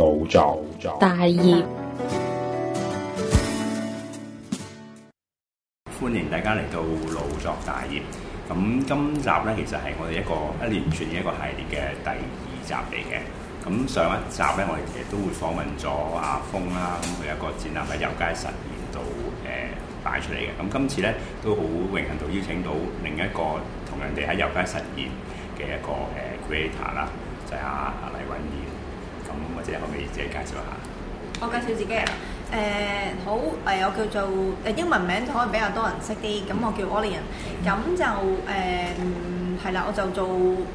腦作大業，歡迎大家嚟到腦作大業。咁今集咧，其實係我哋一個一連串嘅一個系列嘅第二集嚟嘅。咁上一集咧，我哋其實都會訪問咗阿峰啦，咁佢有一個展覽喺油街實現度誒擺出嚟嘅。咁今次咧都好榮幸到邀請到另一個同人哋喺油街實現嘅一個誒、呃、creator 啦，就係、是、阿、啊。可唔可以自己介紹下？我介紹自己啊，誒、呃、好誒、呃，我叫做誒、呃、英文名可以比較多人識啲，咁我叫 Orlean，咁就誒係啦，我就做，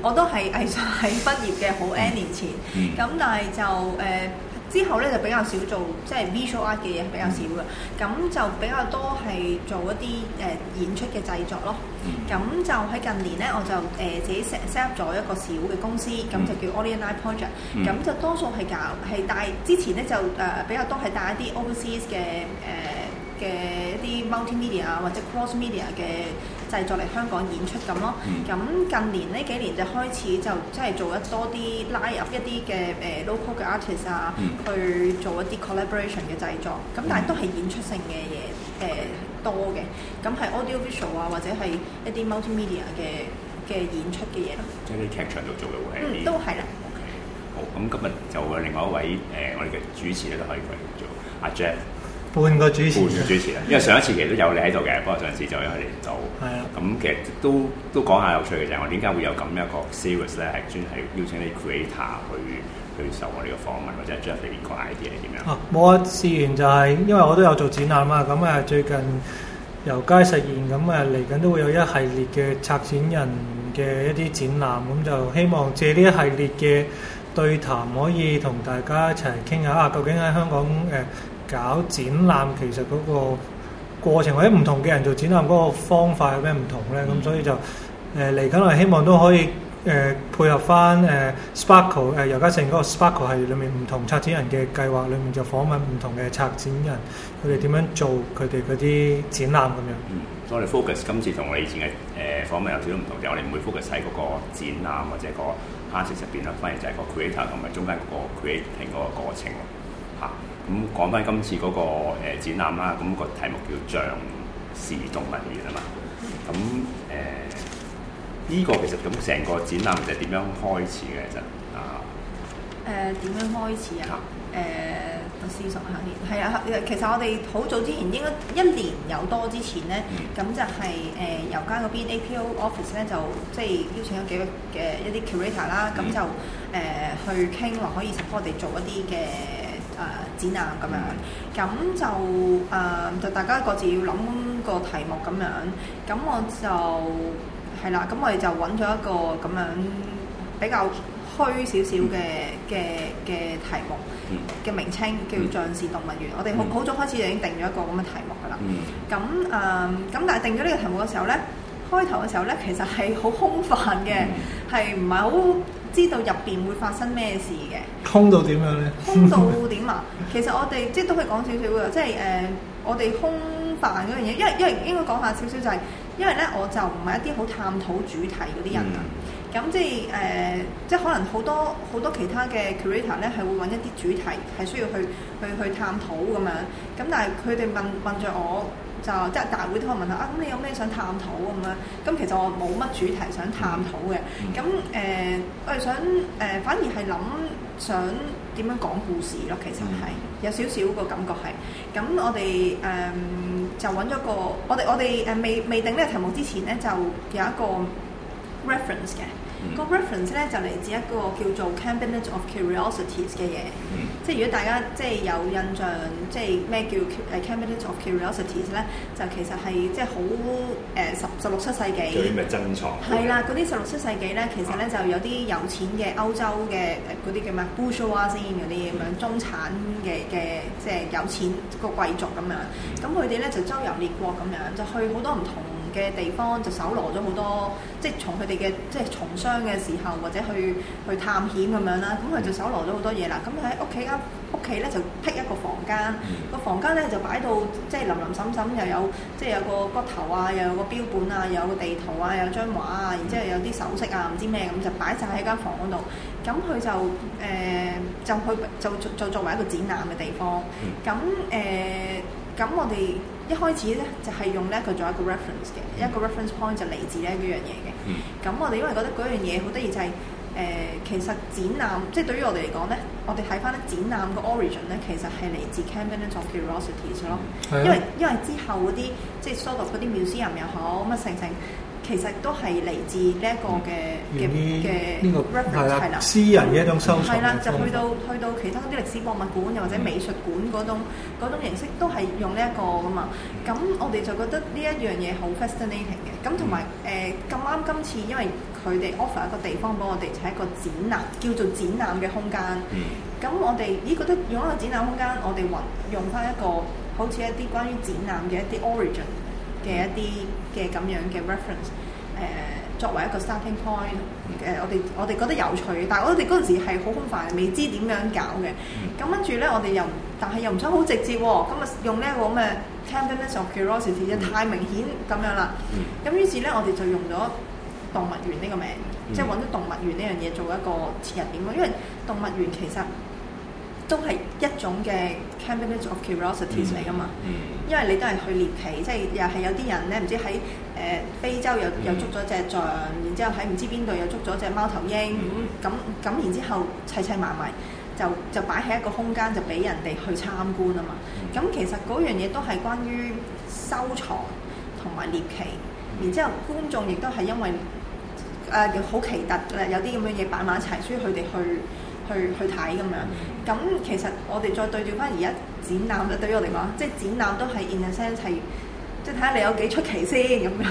我都係藝術系畢業嘅，好 N 年前，咁 但係就誒。呃之後咧就比較少做即係 visual art 嘅嘢，比較少嘅，咁、mm hmm. 就比較多係做一啲誒、呃、演出嘅製作咯。咁、mm hmm. 就喺近年咧，我就誒、呃、自己 set set up 咗一個小嘅公司，咁、mm hmm. 就叫 Orlean Lai Project、mm。咁、hmm. 就多數係搞係帶之前咧就誒、呃、比較多係帶一啲 overseas 嘅誒嘅一啲 multimedia 或者 cross media 嘅。Med 製作嚟香港演出咁咯，咁、嗯、近年呢幾年就開始就即係做多一多啲拉入一啲嘅誒、呃、local artist 啊，嗯、去做一啲 collaboration 嘅製作，咁、嗯、但係都係演出性嘅嘢誒多嘅，咁係 audiovisual 啊或者係一啲 multimedia 嘅嘅演出嘅嘢咯，即係喺劇場度做嘅會係，嗯都係啦，okay. 好，咁今日就另外一位誒、呃、我哋嘅主持咧就可以繼續做，阿、啊、Jack 換個主持，換個主持啦， 因為上一次其實都有你喺度嘅，不過上一次就有為你到，係啊是的、嗯，咁其實都都講下有趣嘅就係我點解會有咁一個 series 咧，係專係邀請你 creator 去去受我呢個訪問或者 Jeffrey 個 idea 係點樣？哦，冇啊，自然就係、是、因為我都有做展覽啊，咁啊最近由街實現咁啊嚟緊都會有一系列嘅策展人嘅一啲展覽，咁、啊嗯、就希望借呢一系列嘅對談可以同大家一齊傾下啊，究竟喺香港誒？啊啊啊啊搞展覽其實嗰個過程或者唔同嘅人做展覽嗰個方法有咩唔同咧？咁、嗯、所以就誒嚟緊嚟希望都可以誒、呃、配合翻誒 Sparkle 誒尤嘉盛嗰個 Sparkle 係裡面唔同策展人嘅計劃裡面，就訪問唔同嘅策展人，佢哋點樣做佢哋嗰啲展覽咁樣。嗯，所以我哋 focus 今次同我哋以前嘅誒、呃、訪問有少少唔同，就我哋唔每 focus 喺嗰個展覽或者個下 r 入邊啦，反而就係個 creator 同埋中間嗰個 creating 嗰個過程。咁講翻今次嗰個展覽啦，咁個題目叫《像氏動物園》啊嘛。咁誒、嗯，呢、呃這個其實咁成個展覽就點樣開始嘅？其實啊，誒點、呃、樣開始啊？誒、啊呃，我思索下先。係啊，其實我哋好早之前應該一年有多之前咧，咁、嗯、就係誒油街嗰邊 APO office 咧，就即係、就是、邀請咗幾個嘅一啲 curator 啦、嗯，咁就誒、呃、去傾話可以成什我哋做一啲嘅，誒展覽咁樣，咁就誒、呃、就大家各自要諗個題目咁樣，咁我就係啦，咁我哋就揾咗一個咁樣比較虛少少嘅嘅嘅題目嘅、嗯、名稱叫做《蔣氏動物園》，嗯、我哋好早開始就已經定咗一個咁嘅題目噶啦。咁誒、嗯，咁、呃、但係定咗呢個題目嘅時候咧。開頭嘅時候咧，其實係好空泛嘅，係唔係好知道入邊會發生咩事嘅？空到點樣咧？空到點啊？ 其實我哋即係都可以講少少啊！即係誒、呃，我哋空泛嗰樣嘢，因為因為應該講下少少就係、是，因為咧我就唔係一啲好探討主題嗰啲人啊。咁、嗯、即係誒、呃，即係可能好多好多其他嘅 creator 咧，係會揾一啲主題係需要去去去，去探討咁樣。咁但係佢哋問問著我。就即係大會都問下啊，咁你有咩想探討咁樣？咁其實我冇乜主題想探討嘅。咁誒、嗯呃，我哋想誒、呃，反而係諗想點樣講故事咯。其實係有少少個感覺係。咁我哋誒、呃、就揾咗個，我哋我哋誒未未定呢個題目之前咧，就有一個 reference 嘅。個 reference 咧就嚟自一個叫做 Cabinet of Curiosities 嘅嘢，嗯、即係如果大家即係有印象，即係咩叫誒 Cabinet of Curiosities 咧，就其實係即係好誒十十六七世紀。做啲咪珍藏？係啦，嗰啲十六七世紀咧，其實咧、啊、就有啲有錢嘅歐洲嘅誒嗰啲叫咩 Bourgeois 嗰啲咁樣中產嘅嘅即係有錢個貴族咁樣，咁佢哋咧就周遊列國咁樣，就去好多唔同嘅地方就搜羅咗好多，即係從佢哋嘅即係從商嘅時候，或者去去探險咁樣啦，咁佢就搜羅咗好多嘢啦。咁喺屋企間屋企咧就辟一個房間，個、嗯、房間咧就擺到即係林林沈沈，又有即係有個骨頭啊，又有個標本啊，又有個地圖啊，有張畫啊，嗯、然之後有啲首飾啊，唔知咩咁就擺晒喺間房度。咁佢就誒、呃、就去就就作為一個展覽嘅地方。咁誒咁我哋。一開始咧就係、是、用咧佢做一個 reference 嘅，一個 reference point 就嚟自咧嗰樣嘢嘅。咁、嗯、我哋因為覺得嗰樣嘢好得意就係、是，誒、呃、其實展覽即係對於我哋嚟講咧，我哋睇翻咧展覽個 origin 咧其實係嚟自 Cabinet of Curiosities 咯，嗯、因為因為之後嗰啲即係蘇格嗰啲 museum 又好乜成成，其實都係嚟自呢一個嘅嘅嘅呢個 reference，係啦，私人嘅一種收藏法。係啦，就去到去到其他啲歷史博物館又或者美術館嗰種，嗯、嗰種形式，都係用呢一個噶嘛。咁我哋就覺得呢一樣嘢、嗯呃、好 fascinating 嘅。咁同埋誒咁啱今次，因為佢哋 offer 一個地方畀我哋就係、是、一個展覽，叫做展覽嘅空間。嗯。咁我哋咦？覺得用一個展覽空間，我哋運用翻一個好似一啲關於展覽嘅一啲 origin。嘅一啲嘅咁樣嘅 reference，誒、呃、作為一個 starting point，誒、呃、我哋我哋覺得有趣，但係我哋嗰陣時係好空泛，未知點樣搞嘅。咁跟住咧，我哋又但係又唔想好直接喎，咁、哦、啊用呢個咁嘅 tenderness of curiosity、嗯、太明顯咁樣啦。咁於、嗯、是咧，我哋就用咗動物園呢個名，嗯、即係揾咗動物園呢樣嘢做一個切入點咯。因為動物園其實～都係一種嘅 cabinet of curiosities 嚟㗎嘛，mm hmm. 因為你都係去獵奇，即係又係有啲人咧，唔知喺誒、呃、非洲又又捉咗隻象，然之後喺唔知邊度又捉咗隻貓頭鷹，咁咁、mm hmm. 然之後砌砌埋埋，就就擺喺一個空間就俾人哋去參觀啊嘛。咁、mm hmm. 其實嗰樣嘢都係關於收藏同埋獵奇，然之後觀眾亦都係因為誒好、呃、奇特啊，有啲咁樣嘢擺埋一齊，所以佢哋去。去去睇咁樣，咁、嗯嗯、其實我哋再對照翻而家展覽，對於我哋講，即、就、係、是、展覽都係 in a sense 係，即係睇下你有幾出奇先咁樣。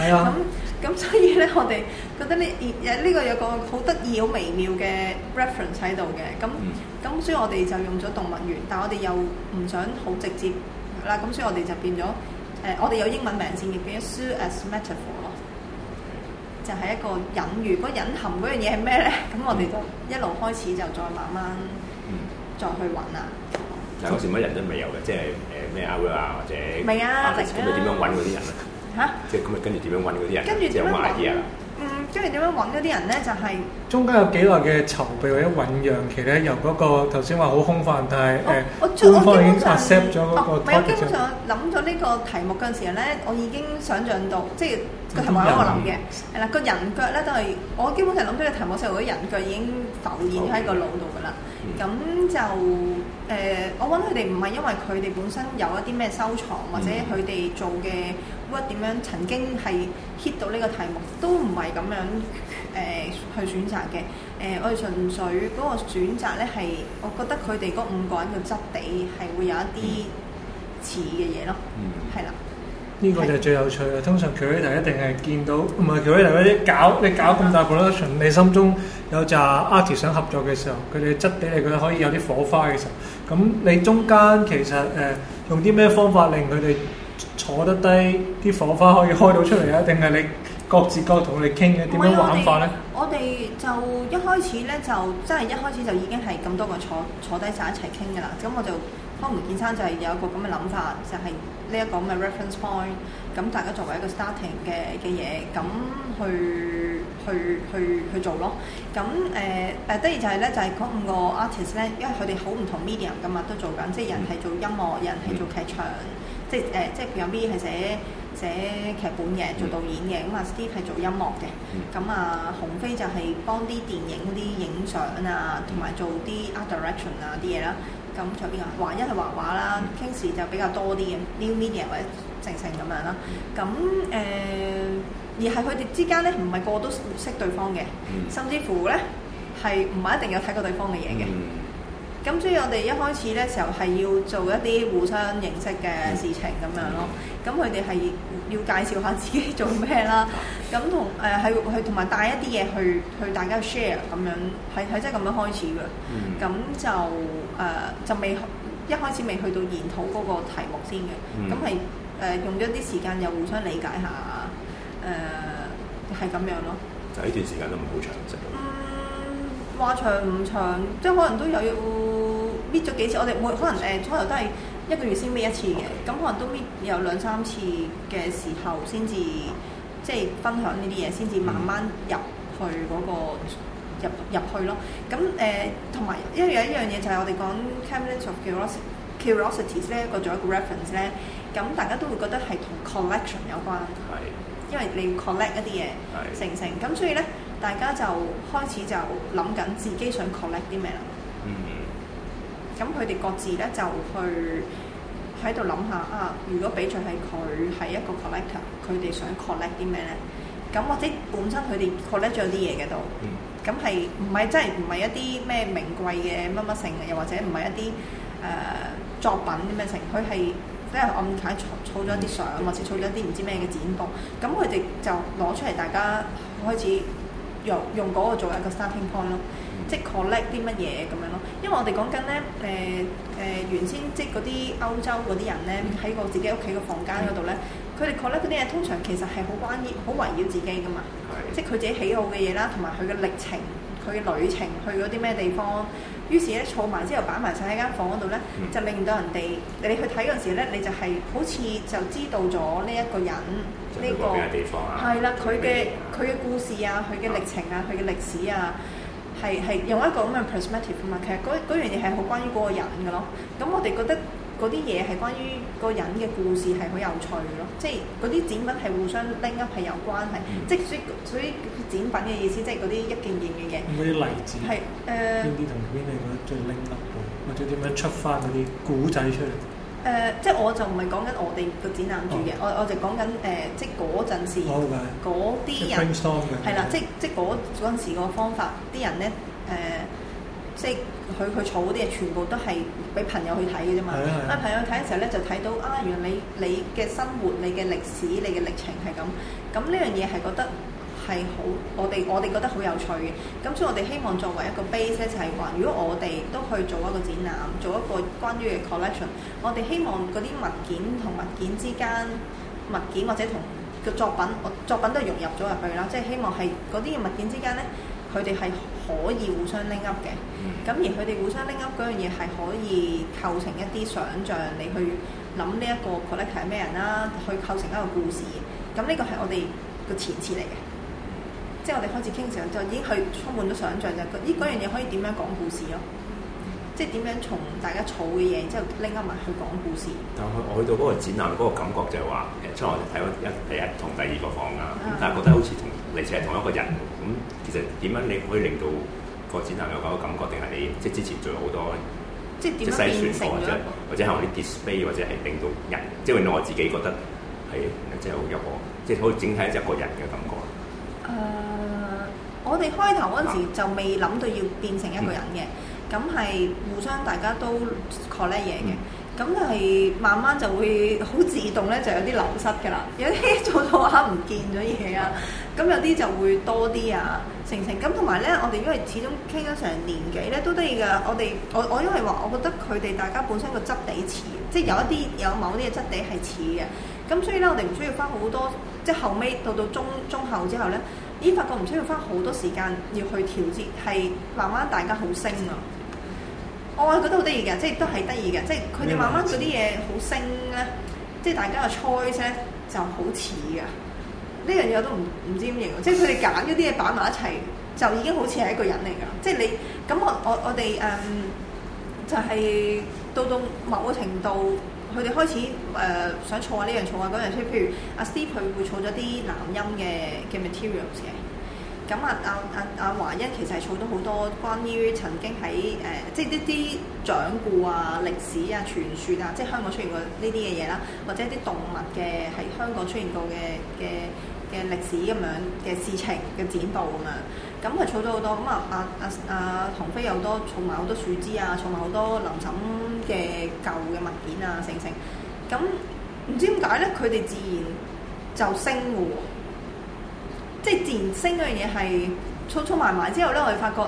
係啊、嗯。咁咁 所以咧，我哋覺得咧，呢、這個有個好得意、好微妙嘅 reference 喺度嘅。咁咁所以，我哋就用咗動物園，但係我哋又唔想好直接啦。咁所以，我哋就變咗誒，我哋有英文名字叫 zoo as metaphor。就係一個隱喻，嗰隱含嗰樣嘢係咩咧？咁我哋就一路開始就再慢慢，再去揾、嗯嗯呃、啊！嗱，嗰時乜人都未有嘅，即係誒咩 out 啊或者未啊？咁咪點樣揾嗰啲人啊？嚇！即係咁咪跟住點樣揾嗰啲人？跟住即係賣嘢啊！即係點樣揾嗰啲人咧？就係中間有幾耐嘅籌備或者醖釀期咧？由嗰個頭先話好空泛，但係誒官方已經 accept 咗嗰個題目上。哦，唔係，我基本上諗咗呢個題目嗰陣時咧，我已經想像到，即係個題目喺我諗嘅，係啦，個人腳咧都係我基本上諗咗個題目時候，嗰啲人腳已經浮現喺個腦度噶啦，咁就。誒，uh, 我揾佢哋唔係因為佢哋本身有一啲咩收藏，或者佢哋做嘅 work 點樣曾經係 hit 到呢個題目，都唔係咁樣誒、uh, 去選擇嘅。誒、uh，我哋純粹嗰個選擇咧係，我覺得佢哋嗰五個人嘅質地係會有一啲似嘅嘢咯。嗯。係啦。呢、嗯、個就最有趣嘅。通常 creative 一定係見到，唔係 creative 啲搞，你搞咁大 production，你心中有隻 artist 想合作嘅時候，佢哋質地你覺得可以有啲火花嘅時候。咁你中間其實誒、呃、用啲咩方法令佢哋坐得低，啲火花可以開到出嚟啊？定係你各自各同你傾嘅點樣玩法咧？我哋就一開始咧就真係一開始就已經係咁多個坐坐低晒一齊傾㗎喇。咁我就開門見山，就係有一個咁嘅諗法，就係呢一個咁嘅 reference point，咁大家作為一個 starting 嘅嘅嘢咁去。去去去做咯，咁誒誒，得意就係、是、咧，就係、是、嗰五個 artist 咧，因為佢哋好唔同 medium 噶嘛，都做緊，即係人係做音樂，嗯、人係做劇場，嗯、即係，誒、呃，即係譬如有 V 係寫寫劇本嘅，做導演嘅，咁啊 Steve 係做音樂嘅，咁啊、嗯嗯嗯、洪飛就係幫啲電影啲影相啊，同埋做啲 art direction 啊啲嘢啦，咁仲有邊個？華一係、嗯、畫畫啦，Kings 就比較多啲嘅 new media 或者靜成咁樣啦，咁、嗯、誒。嗯呃而係佢哋之間咧，唔係個個都識對方嘅，嗯、甚至乎咧係唔係一定有睇過對方嘅嘢嘅。咁、嗯、所以我哋一開始咧時候係要做一啲互相認識嘅事情咁樣咯。咁佢哋係要介紹下自己做咩啦。咁同誒係係同埋帶一啲嘢去去大家 share 咁樣，係係真係咁樣開始嘅。咁、嗯、就誒、呃、就未一開始未去到研討嗰個題目先嘅。咁係誒用咗啲時間又互相理解下。誒係咁樣咯，就呢段時間都唔好長啫。嗯，話長唔長，即係可能都有要搣咗幾次。我哋每可能誒初頭都係一個月先搣一次嘅，咁 Okay. 可能都搣有兩三次嘅時候先至即係分享呢啲嘢，先至慢慢入去嗰、那個、嗯、入入去咯。咁誒同埋因為有一樣嘢就係我哋講 cabinet of curiosities 咧，個做一個 reference 咧，咁大家都會覺得係同 collection 有關係。因為你要 collect 一啲嘢，的成成咁，所以咧大家就開始就諗緊自己想 collect 啲咩啦。嗯、mm。咁佢哋各自咧就去喺度諗下啊，如果比賽係佢係一個 collector，佢哋想 collect 啲咩咧？咁、嗯、或者本身佢哋 collect 咗啲嘢嘅度，嗯、mm。咁係唔係真係唔係一啲咩名貴嘅乜乜成嘅？又或者唔係一啲誒、呃、作品啲咩成？佢係。即係暗曬儲儲咗啲相，或者儲咗啲唔知咩嘅剪報。咁佢哋就攞出嚟，大家開始用用嗰個做一個 starting point 咯，即係 collect 啲乜嘢咁樣咯。因為我哋講緊咧，誒、呃、誒、呃、原先即係嗰啲歐洲嗰啲人咧，喺個自己屋企嘅房間嗰度咧，佢哋的 collect 嗰啲嘢，通常其實係好關於好圍繞自己噶嘛，的即係佢自己喜好嘅嘢啦，同埋佢嘅歷程、佢嘅旅程去嗰啲咩地方。於是咧，坐埋之後擺埋晒喺間房嗰度咧，嗯、就令到人哋你去睇嗰陣時咧，你就係好似就知道咗呢一個人呢個地方啊，係啦、呢個，佢嘅佢嘅故事啊，佢嘅歷程啊，佢嘅、啊、歷史啊，係係用一個咁嘅 perspective 啊嘛，其實嗰樣嘢係好關於嗰個人噶咯。咁我哋覺得。嗰啲嘢係關於個人嘅故事係好有趣咯，即係嗰啲展品係互相 link up 係有關係，嗯、即係所以所以展品嘅意思即係嗰啲一件件嘅嘢。嗰啲例子係誒啲同邊啲覺得最 link 得或者點樣出翻嗰啲古仔出嚟？誒、呃，即係我就唔係講緊我哋個展覽住嘅、哦，我我就講緊誒，即係嗰陣時嗰啲、oh, right. 人，係啦，即係即係嗰陣時個方法，啲人咧誒，即係。即即即即即即即佢佢儲嗰啲嘢，全部都係俾朋友去睇嘅啫嘛。啊，朋友去睇嘅時候咧就睇到，啊，原來你你嘅生活、你嘅歷史、你嘅歷程係咁，咁呢樣嘢係覺得係好我哋我哋覺得好有趣嘅，咁所以我哋希望作為一個 base 咧就係話如果我哋都去做一個展覽，做一個關於 collection，我哋希望嗰啲物件同物件之間，物件或者同個作品，我作品都係融入咗入去啦，即係希望係嗰啲物件之間咧，佢哋係。可以互相拎 up 嘅，咁、嗯、而佢哋互相拎 up 嗰樣嘢係可以構成一啲想像，你去諗呢一個 collective 係咩人啦，去構成一個故事。咁呢個係我哋個前設嚟嘅，嗯、即係我哋開始傾時候就已經去充滿咗想像，就係嗰樣嘢可以點樣講故事咯，嗯、即係點樣從大家儲嘅嘢之後拎 up 埋去講故事。但係我去到嗰個展覽嗰、那個感覺就係話，其實即係我哋睇咗一第一同第二個房啊，嗯、但係覺得好似同疑似係同一個人。其實點樣你可以令到個展覽有嗰個感覺？定係你即係之前做好多即係細選貨啫，或者係啲 display，或者係令到人，即係令到我自己覺得係、哎、即係有個即可以整體一隻個人嘅感覺。誒、呃，我哋開頭嗰陣時就未諗到要變成一個人嘅，咁係、嗯、互相大家都 collect 嘢嘅。嗯咁就慢慢就會好自動咧，就有啲流失嘅啦。有啲做到下唔見咗嘢啊，咁有啲就會多啲啊，成成咁同埋咧，我哋因為始終傾咗成年幾咧，都得意嘅。我哋我我因為話，我覺得佢哋大家本身個質地似，即係有一啲有某啲嘅質地係似嘅。咁所以咧，我哋唔需要花好多，即係後尾到到中中後之後咧，咦？發覺唔需要花好多時間要去調節，係慢慢大家好升啊。我係覺得好得意嘅，即係都係得意嘅，即係佢哋慢慢嗰啲嘢好升咧，即係大家嘅 choice 咧就好似嘅，呢樣嘢我都唔唔知點形容，即係佢哋揀咗啲嘢擺埋一齊，就已經好似係一個人嚟㗎，即係你咁我我我哋誒、嗯、就係、是、到到某個程度，佢哋開始誒、呃、想儲下呢樣儲下嗰樣，即係譬如阿 Steve 佢會儲咗啲男音嘅嘅 material 嘅。咁啊，阿阿阿華欣其實係儲咗好多關於曾經喺誒，即係呢啲掌故啊、歷史啊、傳説啊，即係香港出現過呢啲嘅嘢啦，或者一啲動物嘅喺香港出現過嘅嘅嘅歷史咁樣嘅事情嘅展導啊嘛。咁佢儲咗好多，咁啊阿阿阿唐飛又多儲埋好多樹枝啊，儲埋好多臨沈嘅舊嘅物件啊，成成。咁 lyrics 唔知點解咧？佢哋自然就升喎。即係自然升嗰樣嘢係粗粗埋埋之後咧、呃這個，我哋發覺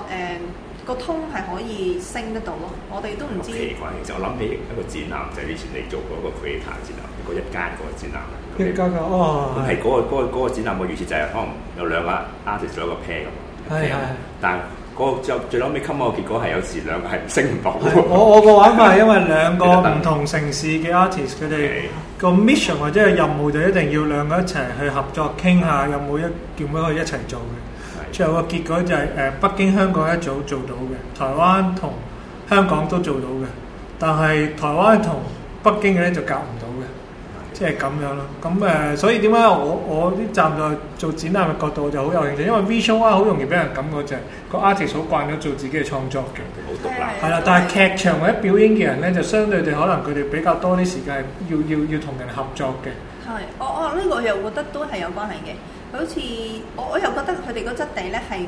誒個通係可以升得到咯。我哋都唔知。奇怪，其實我諗起一個展覽，就係以前你做過一個 creator 展覽，一間展覽個一間、那個那個展覽。一間個哦。咁係嗰個展覽嘅預設就係可能有兩個 artist 做一個 pair 咁。係係。但嗰個最後最撈尾 come out 嘅結果係有時兩個係升唔到。我我個玩法係因為兩個唔同城市嘅 artist 佢哋。Okay. 個 mission 或者係任務，就一定要兩個一齊去合作傾下有，有冇一叫咩可以一齊做嘅？最後個結果就係、是、誒、呃、北京香港一早做到嘅，台灣同香港都做到嘅，但係台灣同北京嘅咧就夾唔。即係咁樣咯，咁、嗯、誒，所以點解我我啲站在做展覽嘅角度就好有興趣，因為 visual 好容易俾人感覺就係、是、個 artist 好慣咗做自己嘅創作嘅，好獨立。係啦的，是但係劇場或者表演嘅人咧，就相對地可能佢哋比較多啲時間要要要同人合作嘅。係，我我呢個又覺得都係有關係嘅。好似我我又覺得佢哋個質地咧係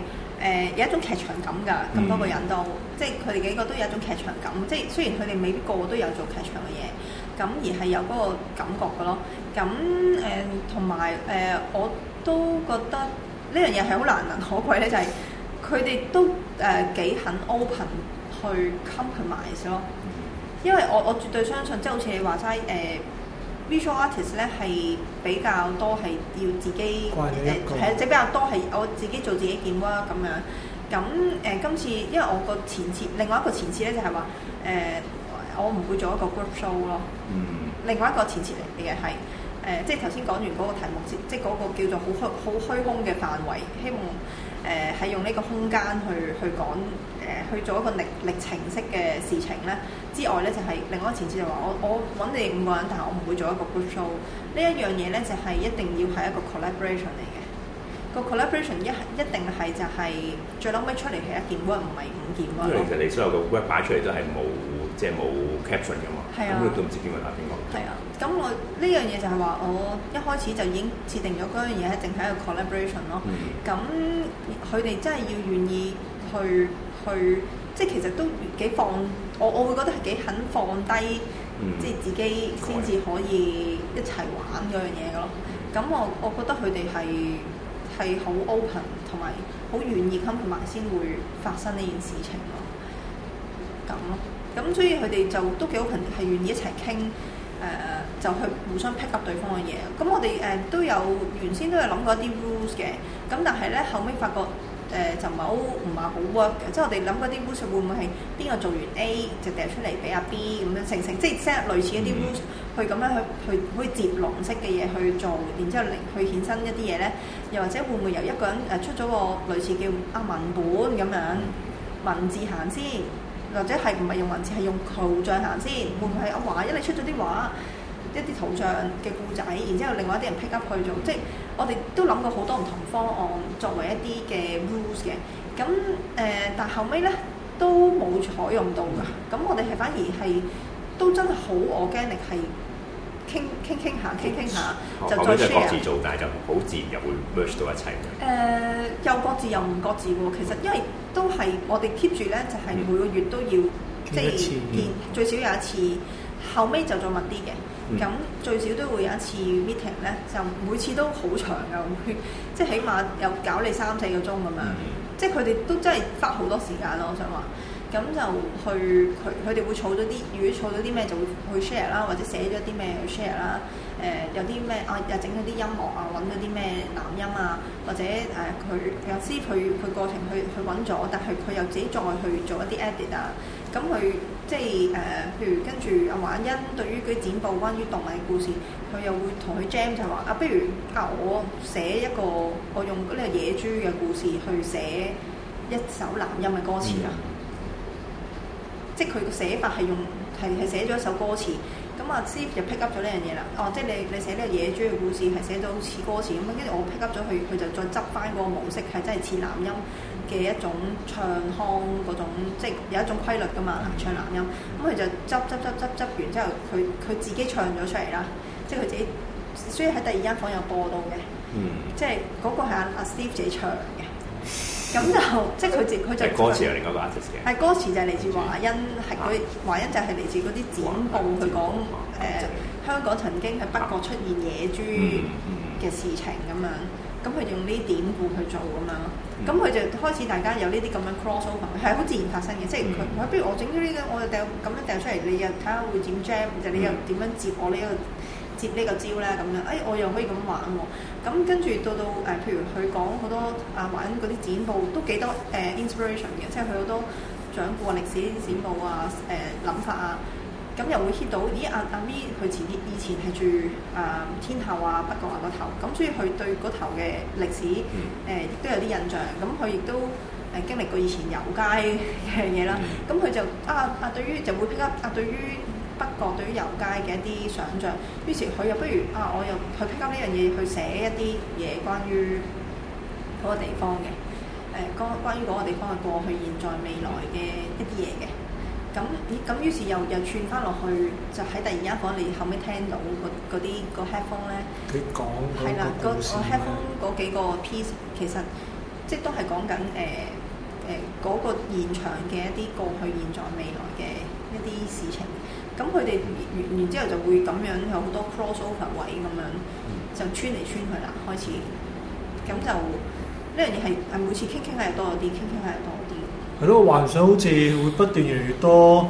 誒有一種劇場感㗎，咁多個人都、嗯、即係佢哋幾個都有一種劇場感。即係雖然佢哋未必個個都有做劇場嘅嘢。咁而係有嗰個感覺嘅咯，咁誒同埋誒我都覺得呢樣嘢係好難能可貴咧，就係佢哋都誒幾、呃、肯 open 去 compromise 咯，因為我我絕對相信，即、就、係、是、好似你話齋誒 visual artist 咧係比較多係要自己誒，即、呃、比較多係我自己做自己件啦咁樣。咁誒、呃、今次因為我個前設，另外一個前設咧就係話誒。呃我唔會做一個 group show 咯。嗯。另外一個前設嚟嘅係誒，即係頭先講完嗰個題目，即即嗰個叫做好虛好虛空嘅範圍，希望誒係、呃、用呢個空間去去講誒、呃、去做一個歷歷程式嘅事情咧。之外咧就係、是、另外一個前設就話我我揾你哋五個人，但係我唔會做一個 group show 呢。呢一樣嘢咧就係、是、一定要係一個 collaboration 嚟嘅。個 collaboration 一一定係就係最撈尾出嚟係一件 work，唔係五件咯。因為其實你所有嘅 work 擺出嚟都係冇。即係冇 caption 嘅嘛，咁佢都唔知邊個打邊個。啊，咁、啊、我呢樣嘢就係話，我一開始就已經設定咗嗰樣嘢一定係一個 collaboration 咯。咁佢哋真係要願意去去，即係其實都幾放，我我會覺得係幾肯放低，即係自己先至可以一齊玩嗰樣嘢嘅咯。咁我、嗯嗯嗯、我覺得佢哋係係好 open，同埋好願意溝通，同埋先會發生呢件事情咯，咁咯。咁、嗯、所以佢哋就都幾好，肯係願意一齊傾，誒、呃、就去互相 pick up 對方嘅嘢。咁、嗯、我哋誒、呃、都有原先都有諗過一啲 rules 嘅，咁但係咧後尾發覺誒、呃、就唔係好唔係好 work 嘅。即係我哋諗嗰啲 rules 會唔會係邊個做完 A 就掟出嚟俾阿 B 咁樣成成，即係即係類似一啲 rules 去咁樣去去可以接龍式嘅嘢去做，然之後嚟去衍生一啲嘢咧，又或者會唔會由一個人誒出咗個類似叫啊文本咁樣文字行先？或者係唔係用文字係用圖像行先？會唔會係一畫，因為你出咗啲畫一啲圖像嘅故仔，然之後另外一啲人 pick up 佢做？即係我哋都諗過好多唔同方案作為一啲嘅 rules 嘅。咁誒、呃，但後尾咧都冇採用到㗎。咁我哋係反而係都真係好 organic 係。傾傾傾下，傾傾下、oh，就再輸啊！後尾、哦、就各自做，但係就好自然又會 merge 到一齊。誒，uh，又各自又唔各自喎。其實因為都係我哋 keep 住咧，就係、是、每個月都要、mm hmm. 即係見最少有一次，mm hmm. 後尾就再密啲嘅。咁、mm hmm. 最少都會有一次 meeting 咧，就每次都好長噶，會即係起碼又搞你三四個鐘咁樣。Mm hmm. 即係佢哋都真係花好多時間咯，我想話。咁就去佢佢哋會儲咗啲，如果儲咗啲咩就會去 share 啦，或者寫咗啲咩去 share 啦、呃。誒，有啲咩啊，又整咗啲音樂啊，揾咗啲咩男音啊，或者誒、啊、佢有時佢佢過程去去揾咗，但係佢又自己再去做一啲 edit 啊。咁佢即係誒，譬如跟住阿華欣對於佢啲展布關於動物故事，佢又會同佢 jam 就係話啊，不如教我寫一個我用呢個野豬嘅故事去寫一首男音嘅歌詞啊。嗯。即係佢個寫法係用係係寫咗一首歌詞，咁阿 Steve 又 pick up 咗呢樣嘢啦。哦、啊，即係你你寫呢個野豬嘅故事係寫到好似歌詞咁樣，跟住我 pick up 咗佢，佢就再執翻嗰個模式係真係似男音嘅一種唱腔嗰種，即係有一種規律㗎嘛，唱男音。咁佢就執執執執執完之後，佢佢自己唱咗出嚟啦。即係佢自己，雖然喺第二間房有播到嘅，嗯、即係嗰個係阿 Steve 自己唱。咁就即係佢直佢就係歌詞係另一個 aspect 嘅，係歌詞就係嚟自華欣，係佢華欣就係嚟自嗰啲剪報，佢講誒香港曾經喺北角出現野豬嘅事情咁樣，咁佢用呢啲典故去做咁樣。咁佢就開始大家有呢啲咁樣 crossover，係好自然發生嘅，即係佢，不如我整咗呢個，我就掉咁樣掉出嚟，你又睇下會點 jam，就你又點樣接我呢個。接呢個招咧咁樣，哎，我又可以咁玩喎、哦。咁跟住到到誒、呃，譬如佢講好多啊，玩嗰啲展報都幾多誒、uh, inspiration 嘅，即係佢好多掌故啊、歷史展報啊、誒、啊、諗法啊。咁又會 hit 到咦？阿阿 V 佢前啲以前係住誒、啊、天后啊、北角啊個頭，咁、嗯、所以佢對個頭嘅歷史誒亦、mm. 呃、都有啲印象。咁佢亦都誒、呃、經歷過以前遊街嘅嘢啦。咁 佢、嗯 mm. 就啊啊，對於就會比較啊，對於。北角對於遊街嘅一啲想像，於是佢又不如啊，我又去 pick up 呢樣嘢去寫一啲嘢、呃，關於嗰個地方嘅誒，關關於嗰個地方嘅過去、現在、未來嘅一啲嘢嘅。咁、嗯、咁、嗯，於是又又串翻落去，就喺第二間房，你後尾聽到嗰啲個,、那個 headphone 咧，佢講係啦，個 headphone 嗰幾個 piece 其實即係都係講緊誒誒嗰個現場嘅一啲過去、現在,在、未來嘅一啲事情。咁佢哋完然之後就會咁樣有好多 crossover 位咁樣，就穿嚟穿去啦，開始。咁就呢樣嘢係係每次傾傾下又多咗啲，傾傾下又多啲。係咯、嗯，幻想好似會不斷越嚟越多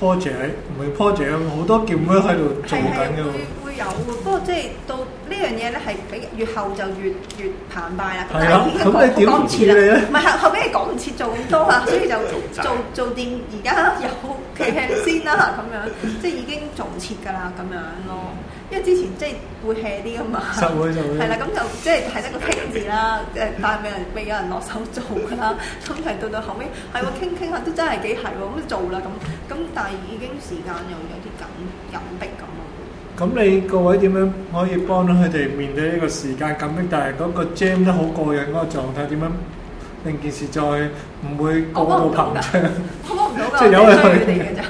project，唔係 project 好多叫咩喺度做緊嘅。有，不過即係到呢樣嘢咧，係比越後就越越澎湃啦。咁你講唔切咧？唔係後尾屘講唔切做咁多啦，所以就做做做而家有企氣先啦咁樣，即係已經做唔切噶啦咁樣咯。因為之前即係會 hea 啲噶嘛，實會實會。係啦，咁就即係係得個傾字啦，誒，但係未人未有人落手做噶啦。咁係到到後尾，係喎，傾傾下都真係幾係喎，咁就做啦咁。咁但係已經時間又有啲緊緊迫咁。咁你各位點樣可以幫到佢哋面對呢個時間緊迫，但係嗰個 jam 都好過癮嗰個狀態點樣令件事再唔會好膨脹？我幫唔到㗎，即係由佢哋嘅啫。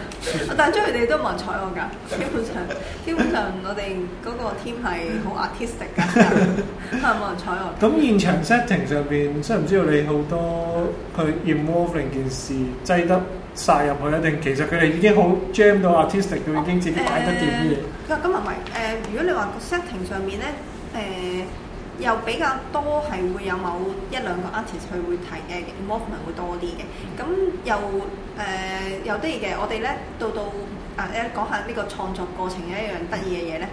但係將佢哋都冇人睬我㗎，基本上基本上我哋嗰個 team 係好 artistic 㗎，都係冇人睬我。咁現場 setting 上邊，真係唔知道你好多去 involve 令件事擠得晒入去一定其實佢哋已經好 jam 到 artistic，佢已經自己擺得掂嘅嘢。佢話、呃：咁又唔係誒？如果你話 setting 上面咧，誒、呃、又比較多係會有某一兩個 artist 佢會，會提嘅 movement、uh，會多啲嘅。咁、嗯、又誒又得意嘅，我哋咧到到啊誒、呃、講下呢個創作過程嘅一樣得意嘅嘢咧，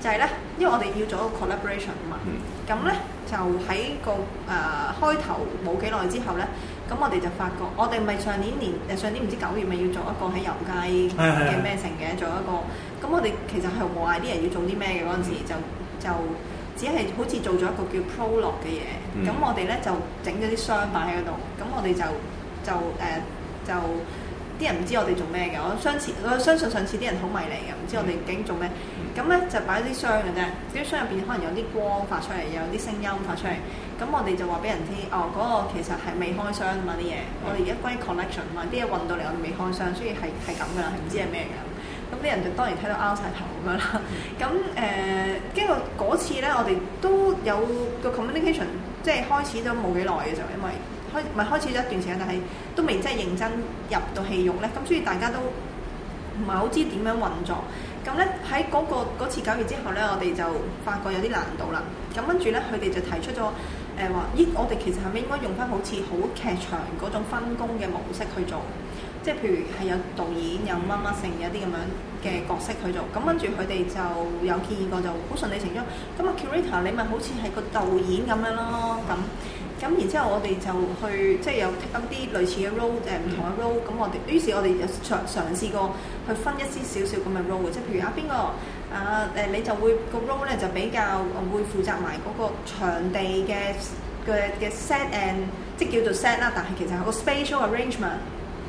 就係、是、咧，因為我哋要做一個 collaboration 啊嘛。咁咧、嗯、就喺個誒、呃、開頭冇幾耐之後咧。咁我哋就發覺，我哋咪上年年誒上年唔知九月咪要做一個喺油街嘅咩城嘅做一個，咁我哋其實係無嗌啲人要做啲咩嘅嗰陣時就，就就只係好似做咗一個叫 prologue 嘅嘢，咁、嗯、我哋咧就整咗啲箱擺喺嗰度，咁我哋就就誒、呃、就啲人唔知我哋做咩嘅，我相似我相信上次啲人好迷離嘅，唔知我哋究竟做咩。嗯咁咧就擺啲箱嘅啫，啲箱入邊可能有啲光發出嚟，有啲聲音發出嚟。咁我哋就話俾人知，哦，嗰、嗰個其實係未開箱啊啲嘢。我哋而家關於 collection 啊啲嘢運到嚟，我哋未開箱，所以係係咁噶啦，係唔知係咩噶。咁啲、嗯、人就當然睇到 out 曬口咁樣啦。咁誒，經過嗰次咧，我哋都有個 communication，即係開始咗冇幾耐嘅就，因為開、唔係開始咗一段時間，但係都未真係認真入到戲肉咧。咁所以大家都唔係好知點樣運作。咁咧喺嗰個嗰次搞完之後咧，我哋就發覺有啲難度啦。咁跟住咧，佢哋就提出咗誒話：咦、呃，我哋其實係咪應該用翻好似好劇場嗰種分工嘅模式去做，即係譬如係有導演、有乜乜性嘅一啲咁樣嘅角色去做。咁跟住佢哋就有建議過就，ator, 就好順理成章。咁啊 curator 你咪好似係個導演咁樣咯，咁。咁然之後，我哋就去即係、就是、有啲類似嘅 role，誒唔同嘅 role。咁我哋於是，我哋又嘗嘗試過去分一啲少少咁嘅 role 即係譬如啊邊個啊誒，你就會個 role 咧就比較會負責埋嗰個場地嘅嘅嘅 set，誒即係叫做 set 啦，但係其實係個 spatial arrangement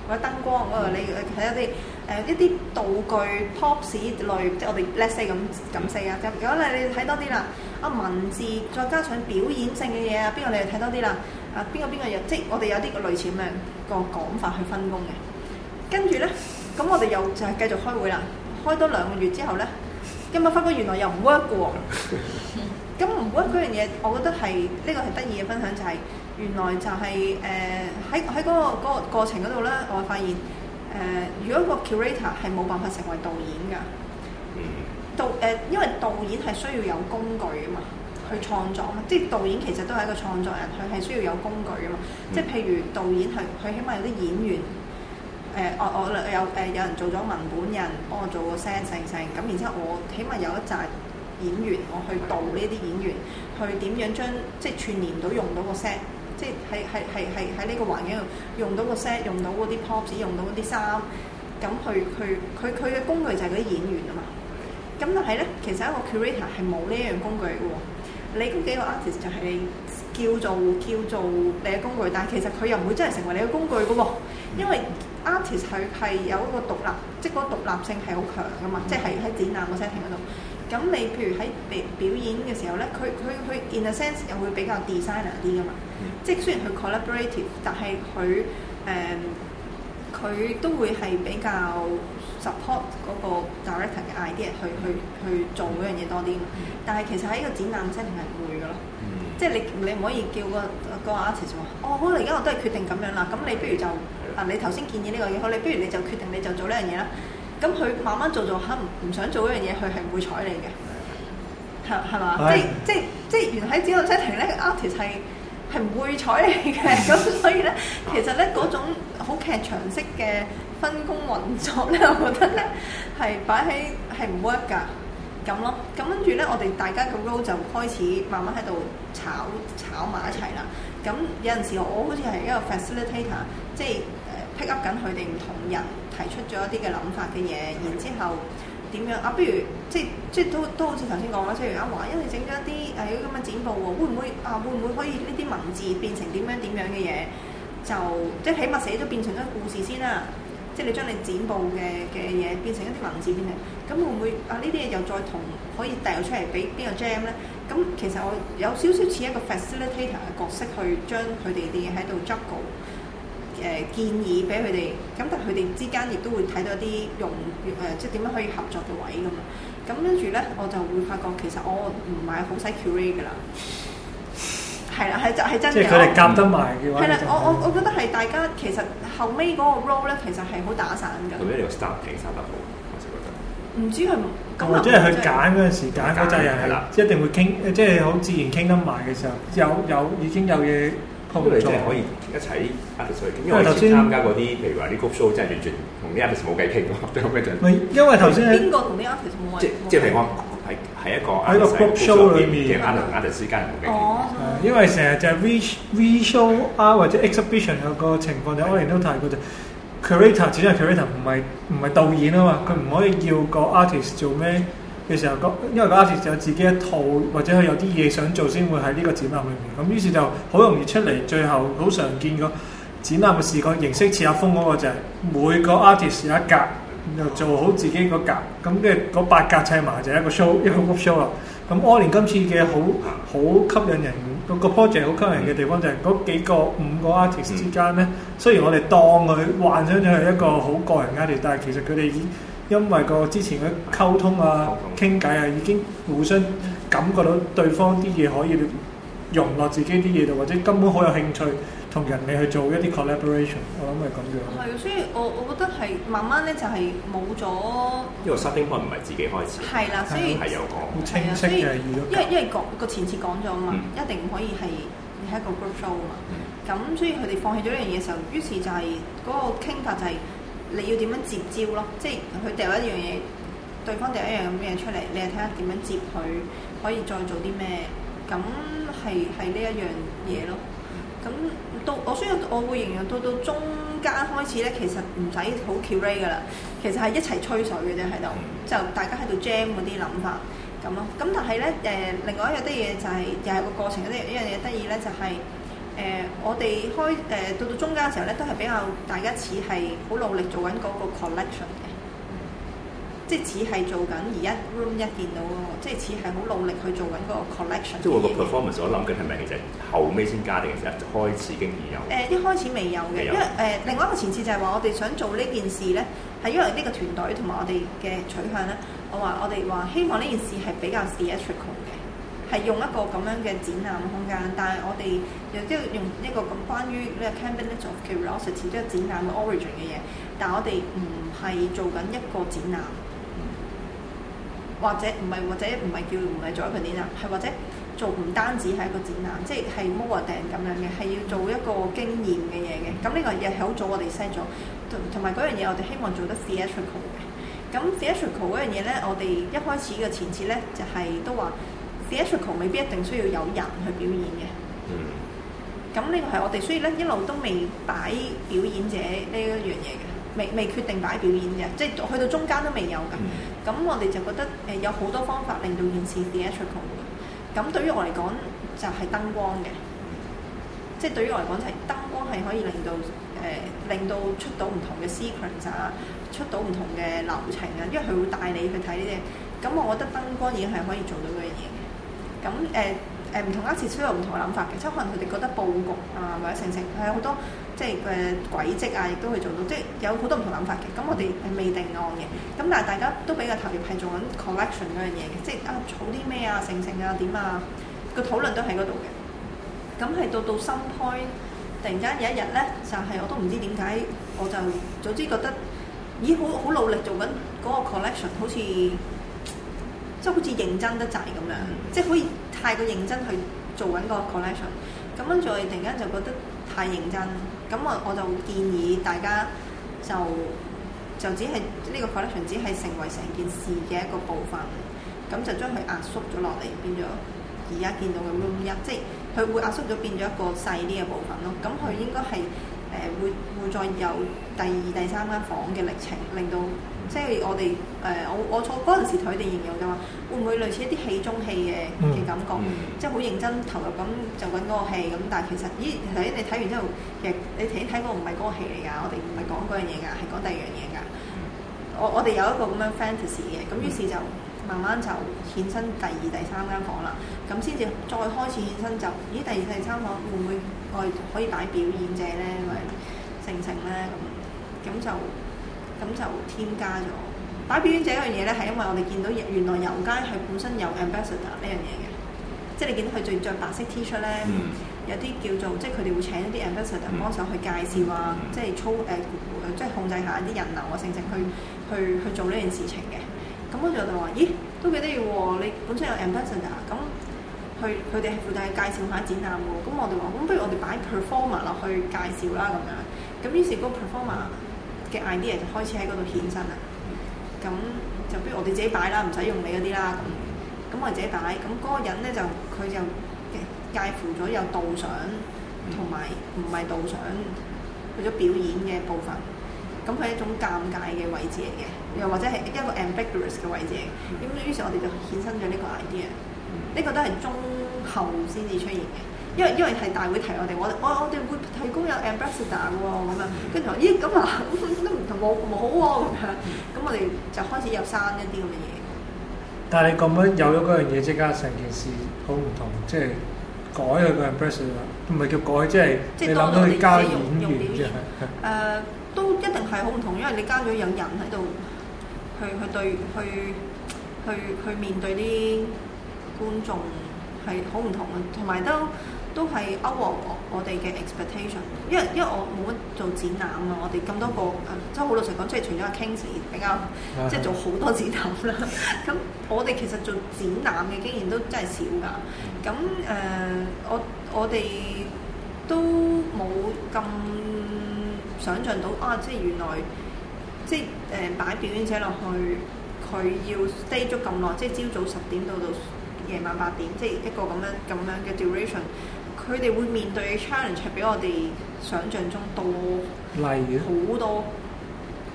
或者燈光嗰、嗯、個你睇一啲。誒、呃、一啲道具、props 類，即係我哋 let’s say 咁咁 say 啊！有如果你睇多啲啦，啊文字再加上表演性嘅嘢啊，邊個你哋睇多啲啦？啊邊個邊個嘢？即係我哋有啲類似咁樣個講法去分工嘅。跟住咧，咁我哋又就係繼續開會啦。開多兩個月之後咧，今日發覺原來又唔 work 嘅喎。咁唔 work 嗰樣嘢，我覺得係呢、這個係得意嘅分享，就係、是、原來就係誒喺喺嗰個嗰、那個、過程嗰度咧，我發現。誒、呃，如果個 curator 係冇辦法成為導演㗎，導誒、呃，因為導演係需要有工具啊嘛，去創作啊，即係導演其實都係一個創作人，佢係需要有工具啊嘛，即係譬如導演係，佢起碼有啲演員，誒、呃，我我有誒、呃，有人做咗文本人，幫我做個聲聲聲，咁然之後我起碼有一扎演員，我去導呢啲演員，的去點樣將即係串連到用到個聲，即係喺喺喺喺呢個環境度用到個 set，用到嗰啲 p o p s 用到嗰啲衫，咁佢佢佢佢嘅工具就係嗰啲演員啊嘛。咁但係咧，其實一個 curator 係冇呢樣工具嘅喎。你嗰幾個 artist 就係叫做叫做你嘅工具，但係其實佢又唔會真係成為你嘅工具嘅喎，因為 artist 佢係有一個獨立，即係嗰個獨立性係好強嘅嘛，即係喺展覽個 setting 嗰度。咁你譬如喺表演嘅時候咧，佢佢佢 in a sense 又會比較 designer 啲噶嘛，mm。即係雖然佢 collaborative，但係佢誒佢都會係比較 support 嗰個 director 嘅 idea 去去去做嗰樣嘢多啲。Mm。但係其實喺個展覽啫，係唔會噶咯。即係你你唔可以叫、嗰個、嗰個 artist 話，哦，好啦，而家我都係決定咁樣啦。咁你不如就啊，你頭先建議呢個嘢，好，你不如你就決定你就做呢樣嘢啦。咁佢慢慢做做下唔想做嗰樣嘢，佢係唔會睬你嘅，係係嘛？即即即原喺自動車停咧 artist 係唔會睬你嘅。咁所以咧，其實咧嗰種好劇場式嘅分工運作咧，我覺得咧係擺喺係唔 work 㗎咁咯。咁跟住咧，我哋大家嘅 row 就開始慢慢喺度炒炒埋一齊啦。咁有陣時我好似係一個 facilitator，即係。pick up 緊佢哋唔同人提出咗一啲嘅諗法嘅嘢，然之後點樣啊？不如即即，即都都好似頭先講啦，即係阿、啊、華，因為整咗啲誒咁嘅展報喎，會唔會啊？會唔會可以呢啲文字變成點樣點樣嘅嘢？就即起碼寫咗變成一個故事先啦。即係你將你展報嘅嘅嘢變成一啲文字變成。咁會唔會啊？呢啲嘢又再同可以掉出嚟俾邊個 jam 咧？咁其實我有少少似一個 facilitator 嘅角色，去將佢哋啲嘢喺度 juggle。誒、呃、建議俾佢哋，咁但係佢哋之間亦都會睇到啲用誒、呃，即係點樣可以合作嘅位咁啊！咁跟住咧，我就會發覺其實我唔係好使 curate 㗎啦。係啦，係、啊、真係真嘅。佢哋夾得埋嘅話。係啦，我我我覺得係大家其實後尾嗰個 role 咧，其實係好打散㗎。後屘要 starting，starting 好，我先覺得。唔知佢咁啊？即係佢揀嗰陣時揀嗰陣人係啦，即一定會傾，即係好自然傾得埋嘅時候，有有已經有嘢。有即為係可以一齊 artist 因為頭先參加嗰啲譬如話啲 group show 真係完全同啲 artist 冇偈傾，都 因為頭先係邊個同啲 artist 冇？即即係我喺喺一個 group show 裏面嘅 artist artist 之間冇偈傾因為成日就係 visual 啊或者 exhibition 有個情況就 o n 都 y n 就 curator 只係 curator 唔係唔係導演啊嘛，佢唔可以叫個 artist 做咩？嘅時候，因為個 artist 有自己一套，或者佢有啲嘢想做，先會喺呢個展覽裏面。咁於是就好容易出嚟，最後好常見個展覽嘅視覺形式似阿峰嗰個就係每個 artist 有一格，然後做好自己嗰格。咁跟住嗰八格砌埋就係一個 show、嗯、一個 show 啦。咁 Orlean 今次嘅好好吸引人，嗰、嗰個 project 好吸引人嘅地方就係嗰幾個五個 artist 之間咧，嗯、雖然我哋當佢幻想咗係一個好個人 artist 但係其實佢哋已因為個之前嘅溝通啊、傾偈啊，啊已經互相感覺到對方啲嘢可以，融落自己啲嘢度，或者根本好有興趣同人哋去做一啲 collaboration，我諗係咁樣。係，所以我我覺得係慢慢咧就係冇咗，因為 setting 唔係自己開始。係啦，所以係有講清晰嘅，因為因為個個前次講咗啊嘛，嗯、一定唔可以係係一個 group show 啊嘛。咁、嗯、所以佢哋放棄咗呢樣嘢時候，於是就係嗰個傾法就係、是。你要點樣接招咯？即係佢掉一樣嘢，對方掉一樣咁嘅嘢出嚟，你係睇下點樣接佢，可以再做啲咩？咁係係呢一樣嘢咯。咁到我雖然我會形容到到中間開始咧，其實唔使好 care 噶啦，其實係一齊吹水嘅啫，喺度、嗯、就大家喺度 jam 嗰啲諗法咁咯。咁但係咧誒，另外一樣啲嘢就係、是、又係個過程一一樣嘢得意咧，就係。誒、呃，我哋開誒到、呃、到中間嘅時候咧，都係比較大家似係好努力做緊嗰個 collection 嘅、嗯，即係似係做緊而家 room 一見到嘅，即係似係好努力去做緊嗰個 collection。即係我個 performance，我諗緊係咪其實後尾先加定嘅，其實開始經已有。誒、呃，一開始有未有嘅，因為誒、呃、另外一個前設就係話我哋想做呢件事咧，係因為呢個團隊同埋我哋嘅取向咧，我話我哋話希望呢件事係比較 theatrical 係用一個咁樣嘅展覽空間，但係我哋亦都要用個個一個咁關於呢個 cabinet of curiosity 即係展覽 origin 嘅嘢。但係我哋唔係做緊一個展覽，或者唔係，或者唔係叫唔係做一個展覽，係或者做唔單止係一個展覽，即係係 multiple 咁樣嘅，係要做一個經驗嘅嘢嘅。咁呢個嘢係好早我哋 set 咗，同埋嗰樣嘢我哋希望做得 theatrical 嘅。咁 theatrical 嗰樣嘢咧，我哋一開始嘅前設咧就係、是、都話。spectacle 未必一定需要有人去表演嘅。嗯、mm.。咁呢個係我哋所以咧一路都未擺表演者呢一樣嘢嘅，未未決定擺表演嘅，即係去到中間都未有嘅。咁、mm. 我哋就覺得誒有好多方法令到件事 Diatrical 嘅。咁對於我嚟講就係燈光嘅，即係對於我嚟講就係燈光係可以令到誒、呃、令到出到唔同嘅 sequence 啊，出到唔同嘅流程啊，因為佢會帶你去睇呢啲。咁我覺得燈光已經係可以做到嗰樣嘢。咁誒誒唔同一次都有唔同嘅諗法嘅，即係可能佢哋覺得佈局啊或者成成係有好多即係誒、呃、軌跡啊，亦都去做到，即係有好多唔同諗法嘅。咁我哋係未定案嘅，咁但係大家都比較投入係做緊 collection 嗰樣嘢嘅，即係啊儲啲咩啊成成啊點啊個討論都喺嗰度嘅。咁係到到新 point，突然間有一日咧就係、是、我都唔知點解，我就早知覺得咦好好努力做緊嗰個 collection，好似～即係好似認真得滯咁樣，即係可以太過認真去做緊個 collection，咁跟住我哋突然間就覺得太認真，咁我我就建議大家就就只係呢、這個 collection 只係成為成件事嘅一個部分，咁就將佢壓縮咗落嚟，變咗而家見到嘅 room one 即係佢會壓縮咗變咗一個細啲嘅部分咯，咁佢應該係誒會會再有第二第三間房嘅歷程，令到。即係我哋誒、呃，我我坐嗰陣時同佢哋形容噶嘛，會唔會類似一啲戲中戲嘅嘅感覺？嗯、即係好認真投入咁就揾嗰個戲咁，但係其實咦，頭你睇完之後，其實你頭睇嗰唔係嗰個戲嚟㗎，我哋唔係講嗰樣嘢㗎，係講第二樣嘢㗎、嗯。我我哋有一個咁樣 fantasy 嘅，咁於是就慢慢就衍生第二、第三間房啦。咁先至再開始衍生，就咦，第二、第二三間房會唔會我可以可以擺表演者咧，或者性情咧咁咁就？咁就添加咗擺表演者一樣嘢咧，係因為我哋見到原來油街係本身有 ambassador 呢樣嘢嘅，即係你見到佢最著白色 T 恤咧，mm. 有啲叫做即係佢哋會請啲 ambassador 幫手去介紹啊、mm. 呃，即係操誒即係控制一下啲人流啊，成成去去去做呢件事情嘅。咁跟住我就話：咦，都幾得意喎！你本身有 ambassador，咁、啊、去佢哋係負責介紹下展覽喎。咁我哋話：咁不如我哋擺 performer 落去介紹啦，咁樣。咁於是嗰 performer 嘅 idea 就開始喺嗰度衍生啦，咁就不如我哋自己擺啦，唔使用，用你嗰啲啦，咁咁我哋自己擺，咁嗰個人咧就佢就介乎咗有導賞同埋唔係導賞，去咗表演嘅部分，咁佢係一種尷尬嘅位置嚟嘅，又或者係一個 ambiguous 嘅位置嚟嘅，咁於是，我哋就衍生咗呢個 idea，呢、呢個都係中後先至出現嘅。因為因為係大會提我哋，我我我哋會提供有 ambassador 嘅、哦、喎，咁樣跟住我咦咁啊，都唔同冇冇喎咁樣，咁我哋就開始入山一啲咁嘅嘢。但你咁樣有咗嗰樣嘢，即刻成件事好唔同，即係改佢個 ambassador，唔係叫改，即係你攞到啲加用用表演，誒、呃、都一定係好唔同，因為你加咗有人喺度去去對去去去，去，去面對啲觀眾係好唔同嘅，同埋都。都係 over 我我哋嘅 expectation，因為因為我冇乜做展覽啊，我哋咁多個誒、呃，即係好老實講，即係除咗阿 Kings 比較即係做好多展覽啦。咁 我哋其實做展覽嘅經驗都真係少㗎。咁誒、呃，我我哋都冇咁想像到啊！即係原來即係誒擺表演者落去，佢要 stay 足咁耐，即係朝早十點到到夜晚八點，即係一個咁樣咁樣嘅 duration。佢哋會面對嘅 challenge 係比我哋想像中多。例如好多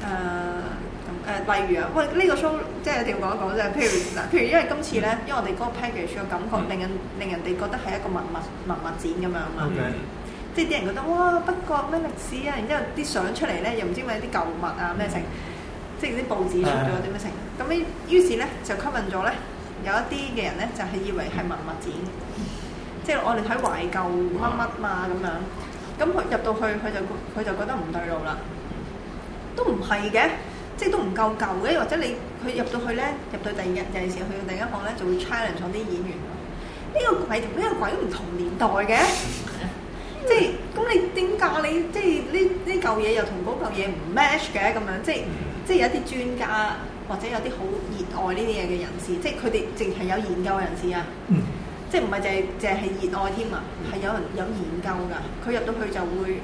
誒誒、呃呃，例如啊，喂，呢、這個 show 即係一定要講一講啫？譬如嗱，譬如因為今次咧，嗯、因為我哋嗰個 package 嘅感覺，令人令人哋覺得係一個文物文物展咁樣啊嘛。即係啲人覺得，Okay. 人覺得哇，不過咩歷史啊，然之後啲相出嚟咧，又唔知咩啲舊物啊咩成，嗯、即係啲報紙出咗啲咩成。咁咧、嗯，於是咧就吸引咗咧有一啲嘅人咧，就係、是、以為係文物展。即係我哋喺懷舊乜乜嘛咁樣，咁佢入到去，佢就佢就覺得唔對路啦，都唔係嘅，即係都唔夠舊嘅，或者你佢入到去咧，入到第二日有陣時去到第一項咧，就會 challenge 咗啲演員。呢、呢個鬼，同呢個鬼唔同年代嘅， 即係咁你點解你即係呢呢舊嘢又同嗰舊嘢唔 match 嘅咁樣？即係即係有啲專家或者有啲好熱愛呢啲嘢嘅人士，即係佢哋淨係有研究嘅人士啊。 即係唔係淨係淨係熱愛添啊？係有人有研究㗎，佢入到去就會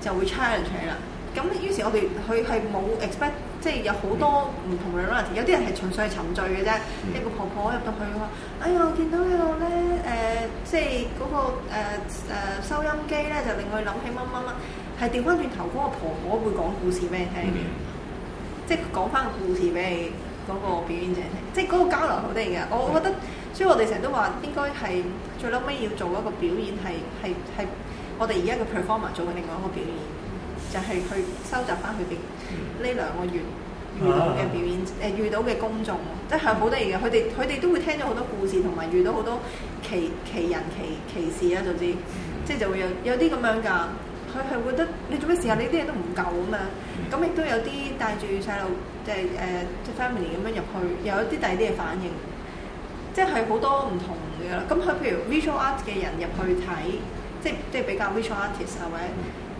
就會 challenge 你嚟啦。咁於是我哋佢係冇 expect，即係有好多唔同嘅 variety。有啲人係純粹係沉醉嘅啫。一個婆婆入到去話：哎呀，見到呢、呢個咧誒、呃，即係、嗰、嗰個誒、呃、收音機咧，就令佢諗起乜乜乜。係調翻轉頭，嗰、嗰個婆婆會講故事俾你聽，嗯、即係講翻個故事俾你嗰個表演者聽，即係嗰個交流好啲㗎。我覺得。嗯所以我哋成日都話，應該係最，最後尾要做一個表演，係係係我哋而家嘅 performer 做嘅另外一個表演，就係、是、去收集翻佢哋呢兩個月遇到嘅表演，誒、呃、遇到嘅公眾，即係好得意嘅。佢哋佢哋都會聽咗好多故事，同埋遇到好多奇奇人奇奇事啊，總之即係就會有有啲咁樣㗎。佢係會覺得你做咩事啊？你啲嘢都唔夠啊嘛。咁亦都有啲帶住細路即係誒即係 family 咁樣入去，有一啲第二啲嘅反應。即係好多唔同嘅啦，咁佢譬如 visual art 嘅人入去睇，即係即係比較 visual artist、嗯、或者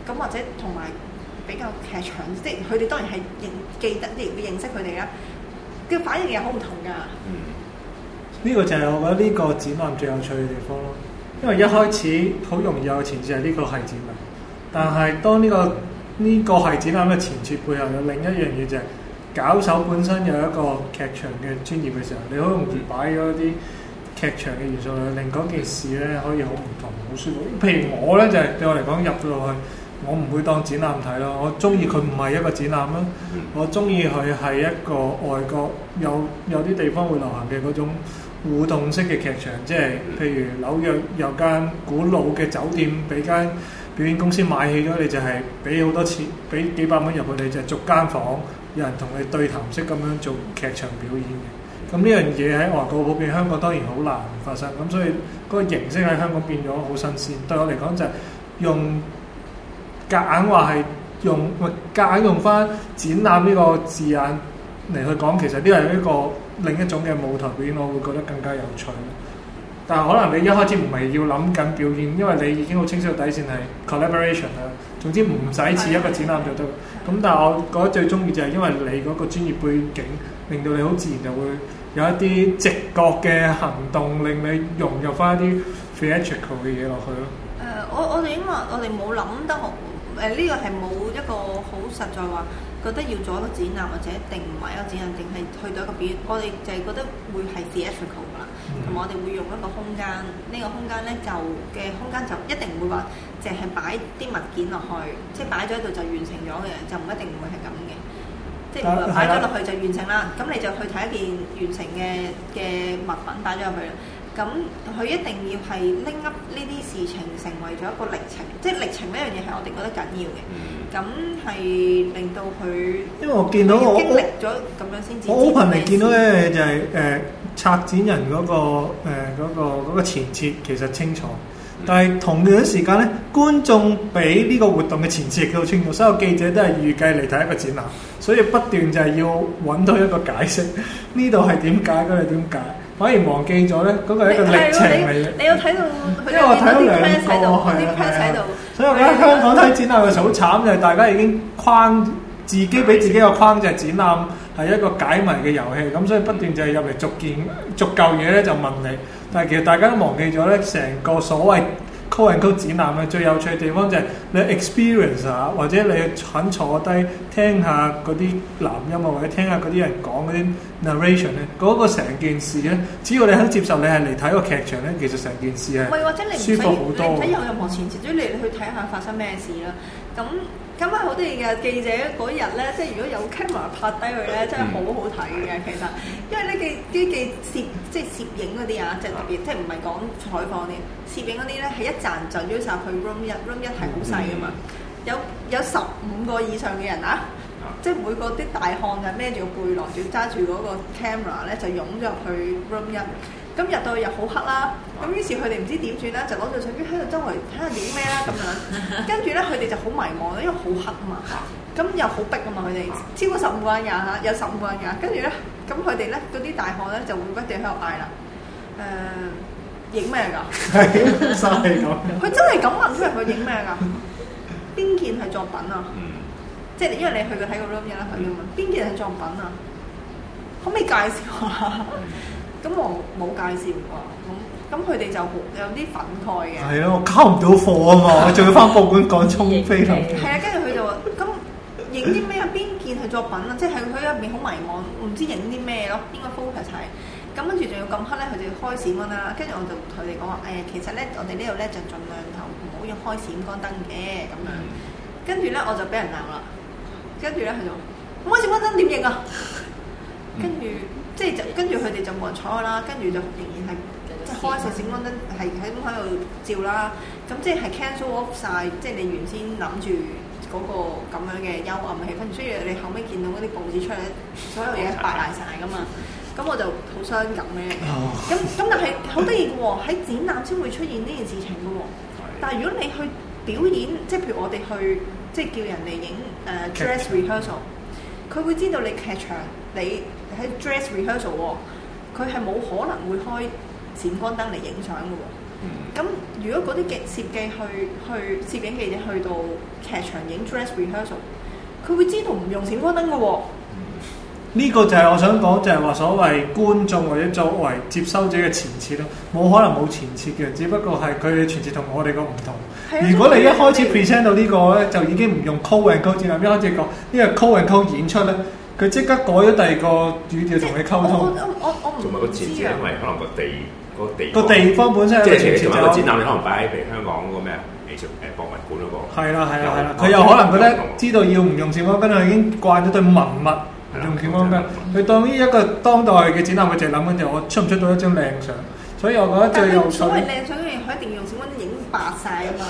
咁或者同埋比較劇場，即係佢哋當然係認記得，啲認識佢哋啦，嘅反應又好唔同噶。嗯，呢、呢個就係我覺得呢個展覽最有趣嘅地方咯，因為一開始好容易有前設係呢個係展覽，但係當呢、呢個呢、呢個係展覽嘅前設背後有另一樣嘢就係。搞手本身有一個劇場嘅專業嘅時候，你好容易擺咗一啲劇場嘅元素落嚟，令嗰件事咧可以好唔同好舒服。譬如我咧就係對我嚟講入咗落去，我唔會當展覽睇咯。我中意佢唔係一個展覽咯，我中意佢係一個外國有有啲地方會流行嘅嗰種互動式嘅劇場，即係譬如紐約有間古老嘅酒店，俾間表演公司買起咗，你就係俾好多錢，俾幾百蚊入去，你就係逐間房。有人同你對談式咁樣做劇場表演嘅，咁呢樣嘢喺外國普遍，香港當然好難發生。咁所以嗰個形式喺香港變咗好新鮮。對我嚟講就係用夾硬話係用，唔係夾硬用翻展覽呢個字眼嚟去講，其實呢、這個係一個另一種嘅舞台表演，我會覺得更加有趣。但係可能你一開始唔係要諗緊表演，因為你已經好清晰嘅底線係 collaboration 啦。總之唔使似一個展覽就得，咁對但係我覺得最中意就係因為你嗰個專業背景，令到你好自然就會有一啲直覺嘅行動，令你融入翻一啲 theatrical 嘅嘢落去咯。誒、呃，我我哋因為我哋冇諗得好，誒、呃、呢、這個係冇一個好實在話，覺得要做一個展覽或者一定唔係一個展覽，定係去到一個表演。我哋就係覺得會係 theatrical 噶啦。同埋我哋會用一個空間，呢個空間咧就嘅空間就一定唔會話，淨係擺啲物件落去，即係擺咗喺度就完成咗嘅，就唔一定唔會係咁嘅。即係唔係擺咗落去就完成啦？咁你就去睇一件完成嘅嘅物品擺咗入去啦。咁佢一定要係 link up 呢啲事情成為咗一個歷程，即係歷程呢樣嘢係我哋覺得緊要嘅。咁係令到佢因為我見到我我經歷咗咁樣先至見到咧就係誒。策展人嗰個誒嗰個前設其實清楚，但係同樣時間咧，觀眾俾呢個活動嘅前設好清楚，所有記者都係預計嚟睇一個展覽，所以不斷就係要揾到一個解釋，呢度係點解？嗰個點解？反而忘記咗咧，嗰、嗰個係一個歷程嚟嘅。你有睇到？到因為我睇咗兩個，係啊係啊。啊啊試試所以而家香港睇展覽嘅好慘就係大家已經框自己俾自己個框就係展覽。係一個解謎嘅遊戲，咁所以不斷就係入嚟，逐件逐嚿嘢咧就問你。但係其實大家都忘記咗咧，成個所謂 Coen Co 指南展覽嘅最有趣嘅地方就係你 experience 下，或者你肯坐低聽下嗰啲男音啊，或者聽下嗰啲人講嗰啲 narration 咧，嗰個成件事咧，只要你肯接受，你係嚟睇個劇場咧，其實成件事係舒服好多。睇有任何前設，總之你去睇下發生咩事啦。咁。咁啊，好多嘅記者嗰日咧，即係如果有 camera 拍低佢咧，真係好好睇嘅。嗯、其實，因為呢記啲記攝即係攝影嗰啲啊，即、就、係、是、特別，嗯、即係唔係講採訪啲攝影嗰啲咧，係一陣就 U 曬去 room 一，room 一係好細㗎嘛，有有十五個以上嘅人啊，嗯、即係每個啲大漢就孭住個背囊，要揸住嗰個 camera 咧，就湧入去 room 一。咁入到去又好黑啦，咁於是佢哋唔知點算咧，就攞住相機喺度周圍睇下影咩啦咁樣。跟住咧，佢哋就好迷茫啦，因為好黑啊嘛。咁又好逼啊嘛，佢哋超過十五個人廿下，有十五個人廿。跟住咧，咁佢哋咧嗰啲大學咧就會不斷喺度嗌啦。誒、呃，影咩噶？佢 真係咁問出嚟，因為佢影咩噶？邊件係作品啊？嗯、即係因為你去過睇過 room 嘅啦，佢問邊件係作品啊？可唔可以介紹下？嗯咁我冇介紹喎，咁咁佢哋就有啲憤慨嘅。係咯，我交唔到貨啊嘛，我仲要翻報館講沖飛。係啊，跟住佢就話：咁影啲咩啊？邊件係作品啊？即係佢喺入邊好迷惘，唔知影啲咩咯，應該 focus 係咁，跟住仲要咁黑咧，佢就要開閃光啦。跟住我就同佢哋講話：誒，其實咧，我哋呢度咧就盡量頭唔好要開閃光燈嘅咁樣。跟住咧，我就俾人鬧啦。跟住咧，佢就：唔開閃光燈點影啊？跟住。即係就跟住佢哋就冇人坐噶啦，跟住就仍然係即係開閃光燈，係喺咁喺度照啦。咁即係 cancel off 曬，即係你原先諗住嗰個咁樣嘅幽暗嘅氣氛。所以你後尾見到嗰啲報紙出嚟，所有嘢擺曬晒噶嘛。咁我就好傷感嘅。咁咁、oh. 但係好得意嘅喎，喺展覽先會出現呢件事情嘅喎。但係如果你去表演，即係譬如我哋去即係叫人哋影誒 dress rehearsal，佢會知道你劇場你。喺 dress rehearsal 佢係冇可能會開閃光燈嚟影相嘅喎。咁、嗯、如果嗰啲記攝記去去攝影記者去到劇場影 dress rehearsal，佢會知道唔用閃光燈嘅喎。呢、嗯、個就係我想講，就係話所謂觀眾或者作為接收者嘅前設咯，冇可能冇前設嘅，只不過係佢哋前設同我哋個唔同。啊、如果你一開始 present 到呢、這個咧，就已經唔用 call and call，接下邊開始講，呢個 call and call 演出咧。佢即刻改咗第二個語調同你溝通，我同埋個前節因為可能個地、嗰個地個地方本身即係前個展覽，嗯、你可能擺喺譬如香港嗰個咩啊，藝術誒博物館嗰、嗰個。係啦係啦係啦，佢有的又可能覺得知道要唔用閃光燈，佢已經慣咗對文物唔的用閃光燈。佢、嗯、當於一個當代嘅展覽，佢淨係諗緊就我出唔出到一張靚相，所以我覺得最有趣。因靚相，佢一定要用閃光燈影白晒㗎嘛，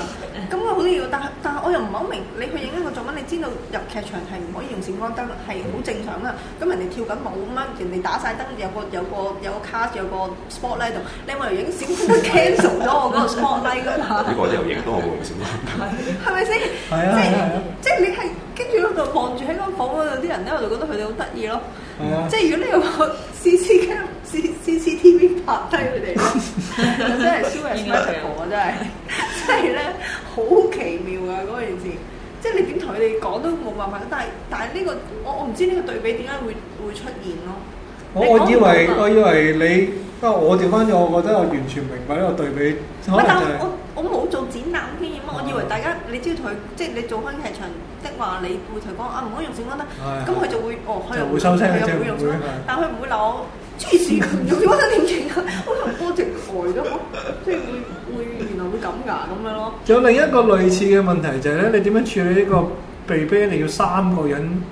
咁我好要，但係但係我又唔係好明，你去影知道入劇場係唔可以用閃光燈，係好正常啦。咁人哋跳緊舞咁樣，人哋打晒燈，有個有個有個 card 有個 spot 喺度，你話嚟影閃，都 cancel 咗我個 spot 啦！你嗰啲又影到我個閃光燈，係咪先？係即係即係你係跟住喺度望住喺間房嗰度啲人咧，我就覺得佢哋好得意咯。即係如果你用 CCTV 拍低佢哋，真係 super special 啊！真係，真係咧，好奇妙啊！嗰件事。即係你點同佢哋講都冇辦法，但係但係、這、呢個我我唔知呢個對比點解會會出現咯。哦、我以為我以為你，不過我調翻咗，我覺得我完全明白呢個對比。但我、就是、我冇做展覽添，的我以為大家你只要同即係你做翻劇場的話，你會同佢講啊，唔可以用閃光燈啦，咁佢的就會哦佢又會，會收聲，佢又的會用紙會但係佢唔會攞。的黐線，有冇得點解？可能多直台咁咯，即係 會會，會原來會咁噶咁樣咯。仲有另一個類似嘅問題就係、是、咧，你點樣處理呢個被逼？你要三個人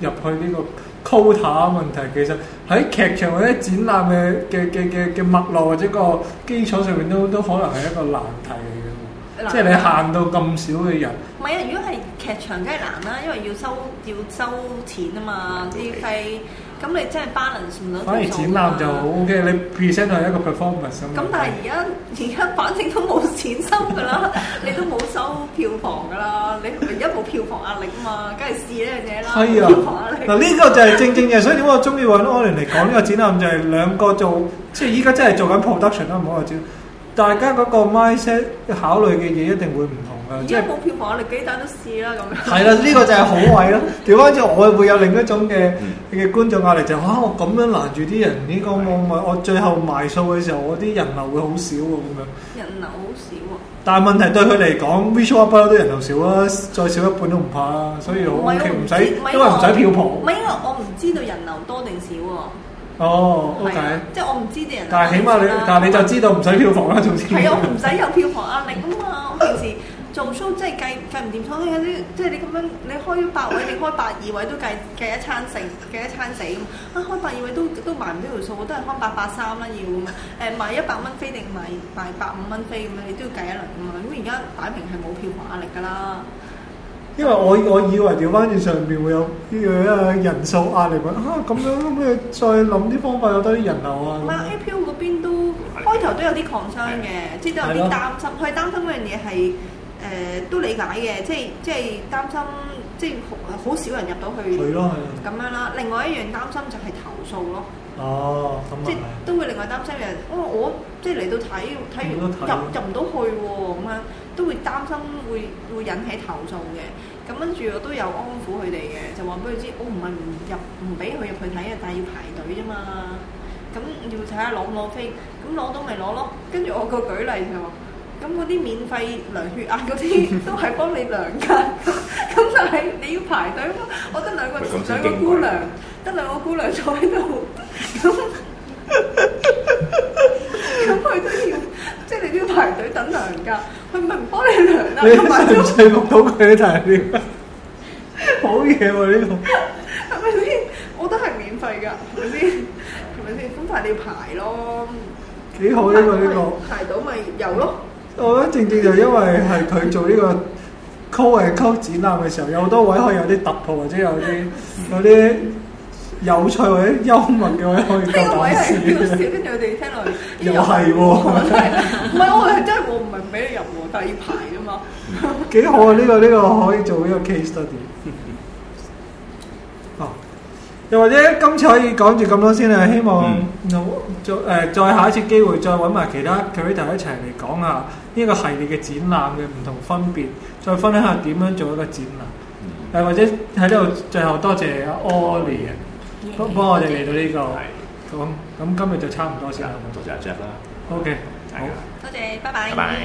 入去呢個 quota 問題，其實喺劇場或者展覽嘅嘅嘅嘅嘅脈絡或者個基礎上面都都可能係一個難題嚟嘅，題即係你限到咁少嘅人。唔係題啊，如果係劇場梗係難啦、啊，因為要收要收錢啊嘛，啲費題。咁你真係 balance 唔到，反而展覽就好 O K，你 present 係一個 performance 咁。咁但係而家而家反正都冇錢收㗎啦， 你都冇收票房㗎啦，你而家冇票房壓力啊嘛，梗係試呢樣嘢啦。 票房壓力，嗱呢個就係正正嘅，所以點解我中意揾我聯嚟講呢個展覽就係兩個做，即係依家真係做緊 production 啦，唔好話大家嗰個 mindset 考慮嘅嘢一定會唔同。而家冇票房我哋幾大都試啦咁。係啦，呢個就係好位咯。調翻轉，我會有另一種嘅嘅觀眾壓力，就嚇我咁樣攔住啲人，呢個我咪我最後賣數嘅時候，我啲人流會好少喎咁樣。人流好少啊。但係問題對佢嚟講 which one 不嬲都人流少啊，再少一半都唔怕啊，所以我唔使因為唔使票房。唔因為我唔知道人流多定少喎。哦，OK。即係我唔知啲人。但係起碼你，但係你就知道唔使票房啦，總之。係啊，唔使有票房壓力啊嘛，我平時。做數即係計計唔掂數，有啲即係你咁樣，你開八位定開八二位都計計一餐死，計一餐死咁。啊，開八二位都都賣唔到條數，我都係開八八三啦要咁。誒賣一百蚊飛定賣賣百五蚊飛咁樣，你都要計一輪咁嘛。咁而家打平係冇票房壓力㗎啦。因為，因為我我以為調翻轉上邊會有呢樣，人數壓力嘛。咁、啊、樣咁，你、嗯、再諗啲方法有得啲人流啊。唔係 A P U 嗰邊都開頭都有啲 concern 嘅，即、就、係、是、都有啲擔心。佢對是的 擔心嗰樣嘢係。誒都理解嘅，即係即係擔心，即係好少人入到去。係咯，係咁樣啦，另外一樣擔心就係投訴咯。哦，即係都會另外擔心嘅，哦，我即係嚟到睇睇完入入唔到去喎，咁樣都會擔心會會引起投訴嘅。咁跟住我都有安撫佢哋嘅，就話俾佢知，我唔係唔入唔俾佢入去睇啊，但係要排隊啫嘛。咁要睇下攞唔攞飛，咁攞到咪攞咯。跟住我個舉例就話。咁嗰啲免費量血壓嗰啲都係幫你量噶，咁就係你要排隊咯。我得兩個，得兩個姑娘，得兩個姑娘坐喺度，咁佢都要，即係你都要排隊等量噶。佢唔係幫你量啊。你係咪真係錄到佢啲材料？好嘢喎！呢個係咪先？我都係免費㗎，係咪先？係咪先？咁但係你要排咯。幾好呢個，呢個排到咪有咯？我覺得正正就因為係佢做呢個 call 嘅 call 展覽嘅時候，有好多位可以有啲突破，或者有啲有啲有趣或者幽默嘅位可以講。呢、這個位係調笑，跟住佢哋聽落去。又係喎，唔係我係真係我唔係俾你入第二排啊嘛。幾好啊！呢個呢個可以做呢個 case study。又或者今次可以講住咁多先啦！希望做誒再下一次機會再揾埋其他 curator 一齊嚟講下呢個系列嘅展覽嘅唔同分別，再分享下點樣做一個展覽。誒或者喺呢度最後多謝阿 Orlean，幫幫我哋嚟到呢個。好，咁今日就差唔多先啦。多謝阿 Jeff 啦。OK，好。多謝，拜拜。拜拜。